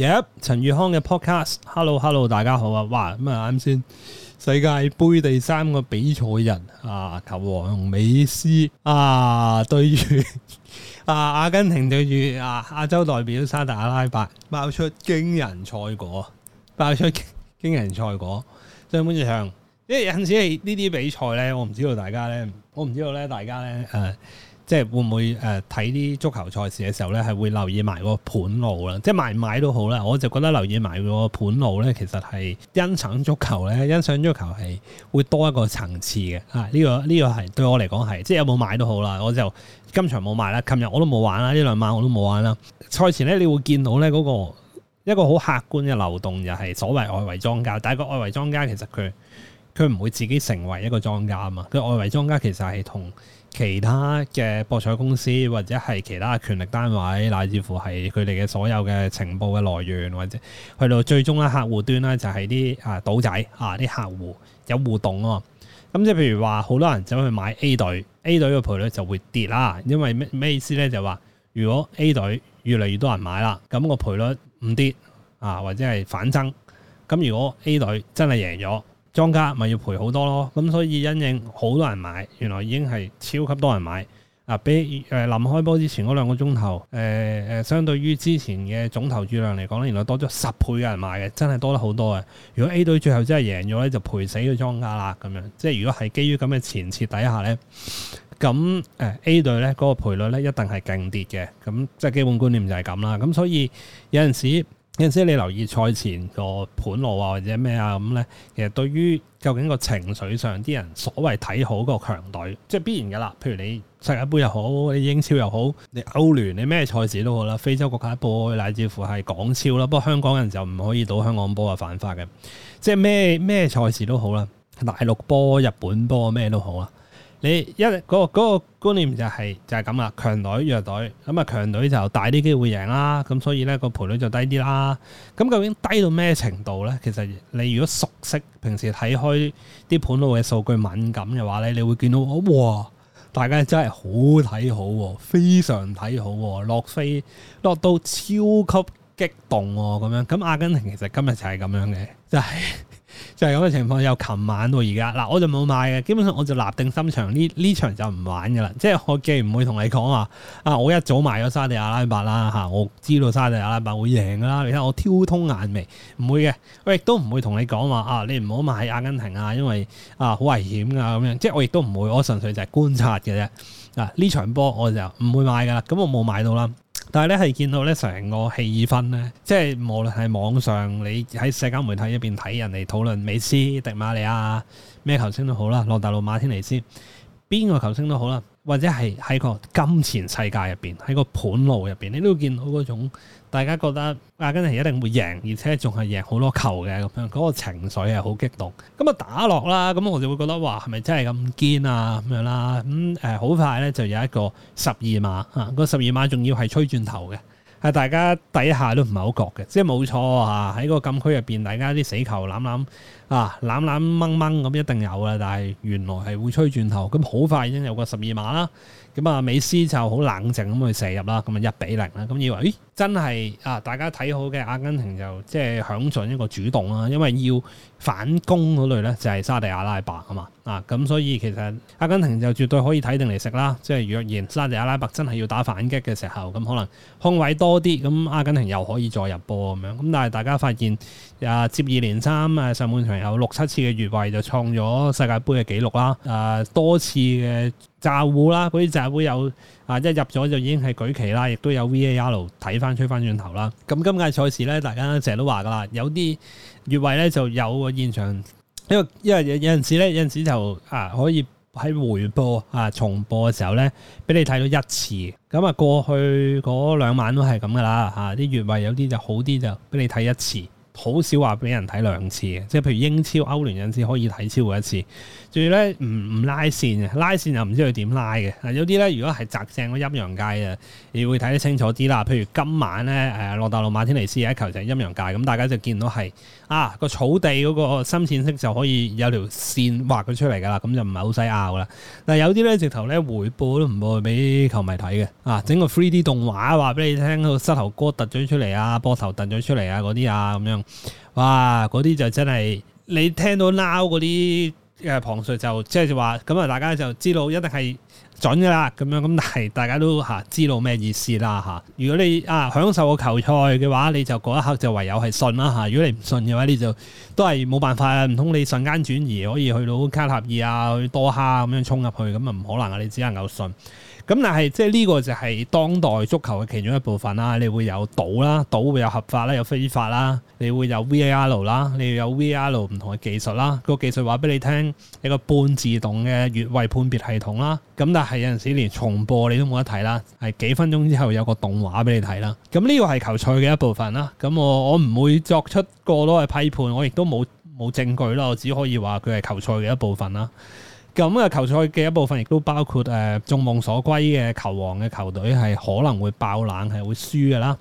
耶！陳宇康嘅 podcast，Hello Hello，大家好啊！哇，咁啊啱先，世界盃第三個比賽日，啊，球王美斯啊，對住啊阿根廷對住啊亞洲代表沙特阿拉伯，爆出驚人賽果，爆出驚人賽果。即係本場，因為有陣時呢啲比賽咧，我唔知道大家咧，我唔知道咧，大家咧誒。嗯啊即係會唔會誒睇啲足球賽事嘅時候咧，係會留意埋個盤路啦。即係買唔買都好啦，我就覺得留意埋個盤路咧，其實係欣賞足球咧，欣賞足球係會多一個層次嘅啊！呢個呢個係對我嚟講係，即係有冇買都好啦。我就今場冇買啦，琴日我都冇玩啦，呢兩晚我都冇玩啦。賽前咧，你會見到咧嗰個一個好客觀嘅流動，就係所謂外圍莊家。但係個外圍莊家其實佢佢唔會自己成為一個莊家啊嘛。佢外圍莊家其實係同其他嘅博彩公司或者係其他嘅權力單位，乃至乎係佢哋嘅所有嘅情報嘅來源，或者去到最終咧，啊、客戶端咧就係啲啊賭仔啊啲客戶有互動啊、哦。咁即係譬如話好多人走去買 A 隊 A 隊嘅賠率就會跌啦。因為咩意思咧？就話如果 A 隊越嚟越多人買啦，咁個賠率唔跌啊，或者係反增。咁如果 A 隊真係贏咗。莊家咪要賠好多咯，咁所以因應好多人買，原來已經係超級多人買啊！比臨開波之前嗰兩個鐘頭，呃，相對於之前嘅總投注量嚟講咧，原來多咗十倍嘅人買嘅，真係多得好多嘅。如果 A 隊最後真係贏咗咧，就賠死個莊家啦咁樣。即係如果係基於咁嘅前設底下咧，咁 A 隊咧嗰個賠率咧一定係勁跌嘅。咁即係基本觀念就係咁啦。咁所以有陣時。有時你留意賽前個盤路啊，或者咩啊咁呢，其實對於究竟個情緒上啲人所謂睇好個強隊，即係必然噶啦。譬如你世界盃又好，你英超又好，你歐聯，你咩賽事都好啦。非洲國家波，乃至乎係港超啦。不過香港人就唔可以到香港波啊，犯法嘅。即係咩咩賽事都好啦，大陸波、日本波咩都好啦。你一嗰、那個嗰、那個、觀念就係、是、就係咁啦，強隊弱隊咁啊，強隊就大啲機會贏啦，咁所以咧個賠率就低啲啦。咁究竟低到咩程度咧？其實你如果熟悉平時睇開啲盤路嘅數據敏感嘅話咧，你會見到哇，大家真係好睇好，非常睇好，落飛落到超級激動喎、啊，咁樣。咁阿根廷其實今日就係咁樣嘅，就係、是。就係咁嘅情況，由琴晚到而家，嗱，我就冇買嘅。基本上我就立定心腸，呢呢場就唔玩噶啦。即係我既唔會同你講話，啊，我一早買咗沙地阿拉伯啦，吓，我知道沙地阿拉伯會贏噶啦。你睇我挑通眼眉，唔會嘅。我亦都唔會同你講話，啊，你唔好買阿根廷啊，因為啊好危險噶咁樣。即係我亦都唔會，我純粹就係觀察嘅啫。嗱，啊，呢場波我就唔會買噶啦。咁我冇買到啦。但係呢係見到咧成個氣氛呢，即係無論喺網上，你喺社交媒體入面睇人哋討論美斯、迪馬利亞、咩球星都好啦，洛大陸馬天尼斯邊個球星都好啦。或者係喺個金錢世界入邊，喺個盤路入邊，你都會見到嗰種大家覺得阿根廷一定會贏，而且仲係贏好多球嘅咁樣，嗰個情緒係好激動。咁啊打落啦，咁我哋會覺得話係咪真係咁堅啊咁樣啦？咁誒好快咧就有一個十二碼啊！個十二碼仲要係吹轉頭嘅。係大家底下都唔係好覺嘅，即係冇錯啊，喺個禁區入面，大家啲死球攬攬啊，攬攬掹掹咁一定有啦，但係原來係會吹轉頭，咁好快已經有個十二碼啦。咁啊，美斯就好冷靜咁去射入啦，咁啊一比零啦。咁以為咦？真係啊！大家睇好嘅阿根廷就即係享盡一個主動啦，因為要反攻嗰類咧就係沙地阿拉伯啊嘛啊咁，所以其實阿根廷就絕對可以睇定嚟食啦。即係若然沙地阿拉伯真係要打反擊嘅時候，咁可能空位多啲，咁阿根廷又可以再入波咁樣。咁但係大家發現啊，接二連三啊，上半場有六七次嘅越位就創咗世界杯嘅紀錄啦！啊，多次嘅炸壺啦，啲炸壺有啊，一入咗就已經係舉旗啦，亦都有 V A R 睇翻。翻轉頭啦，咁今屆賽事咧，大家成日都話噶啦，有啲越位咧就有個現場，因為因為有有陣時咧，有陣時就啊可以喺回播啊重播嘅時候咧，俾你睇到一次，咁啊過去嗰兩晚都係咁噶啦，吓啲越位有啲就好啲就俾你睇一次。好少話俾人睇兩次嘅，即係譬如英超、歐聯有時可以睇超過一次，仲要咧唔唔拉線嘅，拉線又唔知佢點拉嘅。有啲咧如果係雜正個陰陽界啊，你會睇得清楚啲啦。譬如今晚咧，誒羅大路馬天尼斯一球就係陰陽界，咁大家就見到係啊個草地嗰個深淺色就可以有條線畫佢出嚟噶啦，咁就唔係好使拗啦。但有啲咧直頭咧回報都唔會俾球迷睇嘅，啊整個 three D 動畫話俾你聽個膝頭哥突咗出嚟啊，膊頭突咗出嚟啊嗰啲啊咁。哇！嗰啲就真係你聽到 Now 嗰啲，誒旁述就即係話咁啊，大家就知道一定係準噶啦咁樣咁，係大家都吓知道咩意思啦吓。如果你啊享受個球賽嘅話，你就嗰一刻就唯有係信啦吓。如果你唔信嘅話，你就都係冇辦法啊。唔通你瞬間轉移可以去到卡塔爾啊，多一下去多哈咁樣衝入去咁啊，唔可能啊。你只能夠信。咁但係即係呢個就係當代足球嘅其中一部分啦，你會有賭啦，賭會有合法啦，有非法啦，你會有 VAR 啦，你有 VAR 唔同嘅技術啦，個技術話俾你聽，一個半自動嘅越位判別系統啦。咁但係有陣時連重播你都冇得睇啦，係幾分鐘之後有個動畫俾你睇啦。咁呢個係球賽嘅一部分啦。咁我我唔會作出過多嘅批判，我亦都冇冇證據啦，我只可以話佢係球賽嘅一部分啦。咁啊，球賽嘅一部分亦都包括誒眾望所歸嘅球王嘅球隊係可能會爆冷，係會輸㗎啦。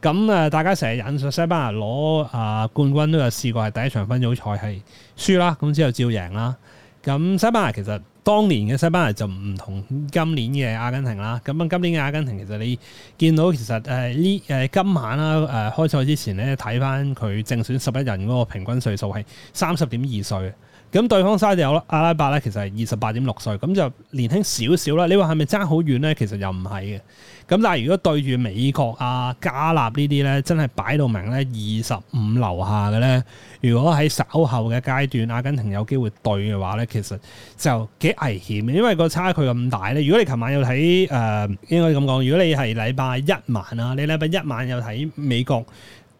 咁、呃、啊，大家成日引述西班牙攞啊、呃、冠軍都有試過係第一場分組賽係輸啦，咁之後照贏啦。咁、呃、西班牙其實當年嘅西班牙就唔同今年嘅阿根廷啦。咁啊，今年嘅阿根廷其實你見到其實呢誒、呃、今晚啦、啊呃、開賽之前咧睇翻佢正選十一人嗰個平均歲數係三十點二歲。咁對方嘥就有阿拉伯咧，其實係二十八點六歲，咁就年輕少少啦。你話係咪爭好遠咧？其實又唔係嘅。咁但係如果對住美國啊、加納呢啲咧，真係擺到明咧，二十五樓下嘅咧。如果喺稍後嘅階段，阿根廷有機會對嘅話咧，其實就幾危險，因為個差距咁大咧。如果你琴晚又睇誒、呃，應該咁講，如果你係禮拜一晚啊，你禮拜一晚又睇美國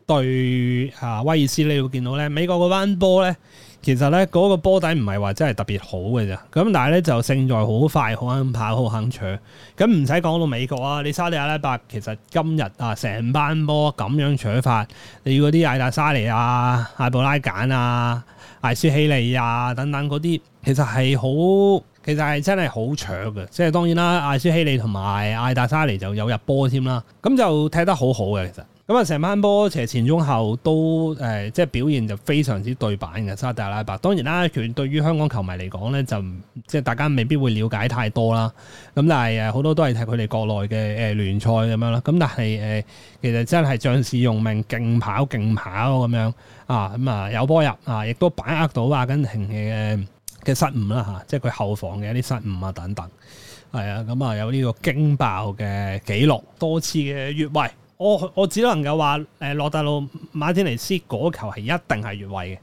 對啊威爾斯，你會見到咧，美國個彎波咧。其實咧嗰個波底唔係話真係特別好嘅啫，咁但係咧就勝在好快、好肯跑、好肯搶。咁唔使講到美國啊，你沙地阿拉伯其實今日啊成班波咁樣搶法，你嗰啲艾達沙尼啊、艾布拉簡啊、艾斯希利啊等等嗰啲，其實係好，其實係真係好搶嘅。即係當然啦，艾斯希利同埋艾達沙尼就有入波添啦，咁就踢得好好嘅其實。咁啊，成班波斜前中後都即係表現就非常之對版嘅沙特阿拉伯。當然啦，佢對於香港球迷嚟講咧，就即係大家未必會了解太多啦。咁但係好多都係睇佢哋國內嘅誒聯賽咁樣啦。咁但係其實真係將士用命，勁跑勁跑咁樣啊！咁、嗯、啊，有波入啊，亦都把握到阿根廷嘅嘅失誤啦嚇、啊，即係佢後防嘅一啲失誤啊等等。係啊，咁、嗯、啊有呢個驚爆嘅記錄，多次嘅越位。我我只能夠話誒，洛達魯馬天尼斯嗰球係一定係越位嘅。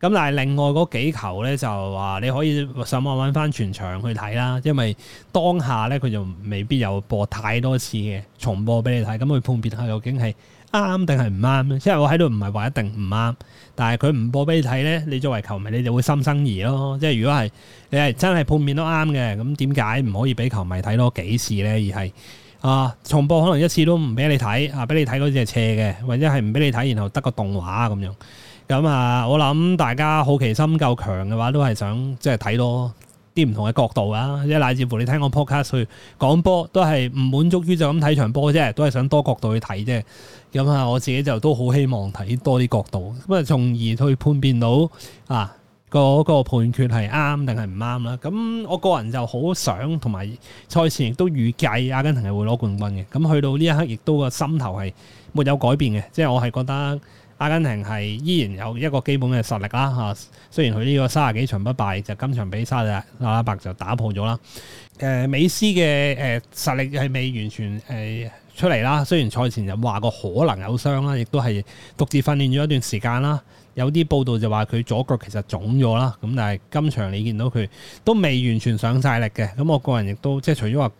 咁但係另外嗰幾球咧，就話你可以上網揾翻全場去睇啦。因為當下咧佢就未必有播太多次嘅重播俾你睇，咁去判別下究竟係啱定係唔啱。即係我喺度唔係話一定唔啱，但係佢唔播俾你睇咧，你作為球迷你就會心生疑咯。即係如果係你係真係判斷都啱嘅，咁點解唔可以俾球迷睇多幾次咧？而係。啊，重播可能一次都唔俾你睇，啊俾你睇嗰隻係斜嘅，或者係唔俾你睇，然後得個動畫咁樣。咁啊，我諗大家好奇心夠強嘅話，都係想即係睇多啲唔同嘅角度啊，即係乃至乎你聽我 podcast 去講波，都係唔滿足於就咁睇場波啫，都係想多角度去睇啫。咁啊，我自己就都好希望睇多啲角度，咁啊，從而去判辨到啊。嗰個嗰個判決係啱定係唔啱啦？咁我個人就好想同埋賽前亦都預計阿根廷係會攞冠軍嘅。咁去到呢一刻，亦都個心頭係沒有改變嘅，即、就、係、是、我係覺得阿根廷係依然有一個基本嘅實力啦嚇。雖然佢呢個三十幾場不敗，就今場比沙特阿拉伯就打破咗啦。誒、呃、美斯嘅誒、呃、實力係未完全誒、呃、出嚟啦。雖然賽前就話過可能有傷啦，亦都係獨自訓練咗一段時間啦。有啲報道就話佢左腳其實腫咗啦，咁但係今場你見到佢都未完全上晒力嘅，咁我個人亦都即係除咗話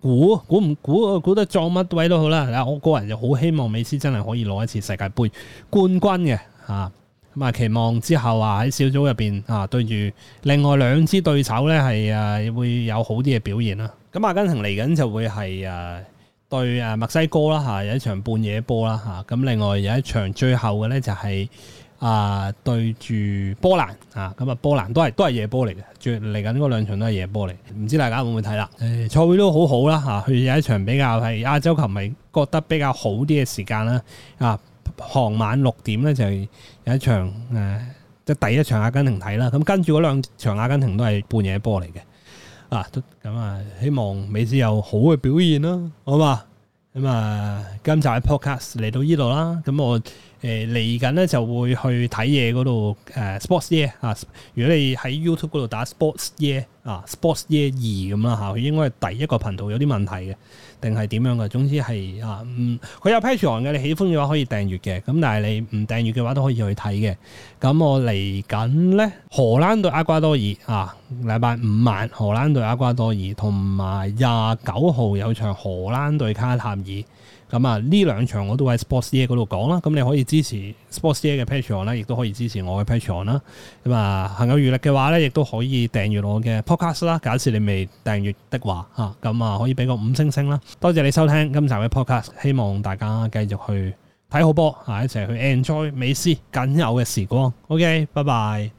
估估唔估估得撞乜位都好啦，我個人就好希望美斯真係可以攞一次世界盃冠軍嘅嚇，咁啊期望之後啊喺小組入邊啊對住另外兩支對手呢，係、啊、會有好啲嘅表現啦、啊，咁阿根廷嚟緊就會係、啊、對誒墨西哥啦、啊、有一場半夜波啦，咁另外有一場最後嘅呢，就係、是。啊，對住波蘭啊，咁啊，波蘭都係都係夜波嚟嘅，最嚟緊嗰兩場都係夜波嚟，唔知大家會唔會睇啦？誒、哎，賽會都好好啦、啊、去佢有一場比較係亞洲球迷覺得比較好啲嘅時間啦。啊，傍晚六點咧就係有一場、啊、即係第一場阿根廷睇啦。咁、啊、跟住嗰兩場阿根廷都係半夜波嚟嘅。啊，咁啊，希望美斯有好嘅表現啦，好嘛？咁啊，今集嘅 podcast 嚟到呢度啦，咁、啊、我。誒嚟緊咧就會去睇嘢嗰度，誒 sports 嘢啊！如果你喺 YouTube 嗰度打 sports 嘢啊 sports 嘢二咁啦，佢應該第一個頻道有啲問題嘅，定係點樣嘅？總之係啊，佢、嗯、有 patch on 嘅，你喜歡嘅話可以訂閱嘅，咁但係你唔訂閱嘅話都可以去睇嘅。咁我嚟緊咧荷蘭對阿瓜多爾啊，禮拜五晚荷蘭對阿瓜多爾，同埋廿九號有場荷蘭對卡塔爾。咁啊，呢兩場我都喺 Sports Day 嗰度講啦，咁你可以支持 Sports Day 嘅 Patreon 啦，亦都可以支持我嘅 Patreon 啦。咁啊，行有餘力嘅話咧，亦都可以訂閱我嘅 Podcast 啦。假設你未訂閱的話嚇，咁啊可以俾個五星星啦。多謝你收聽今集嘅 Podcast，希望大家繼續去睇好波，嚇一齊去 enjoy 美斯僅有嘅時光。OK，拜拜。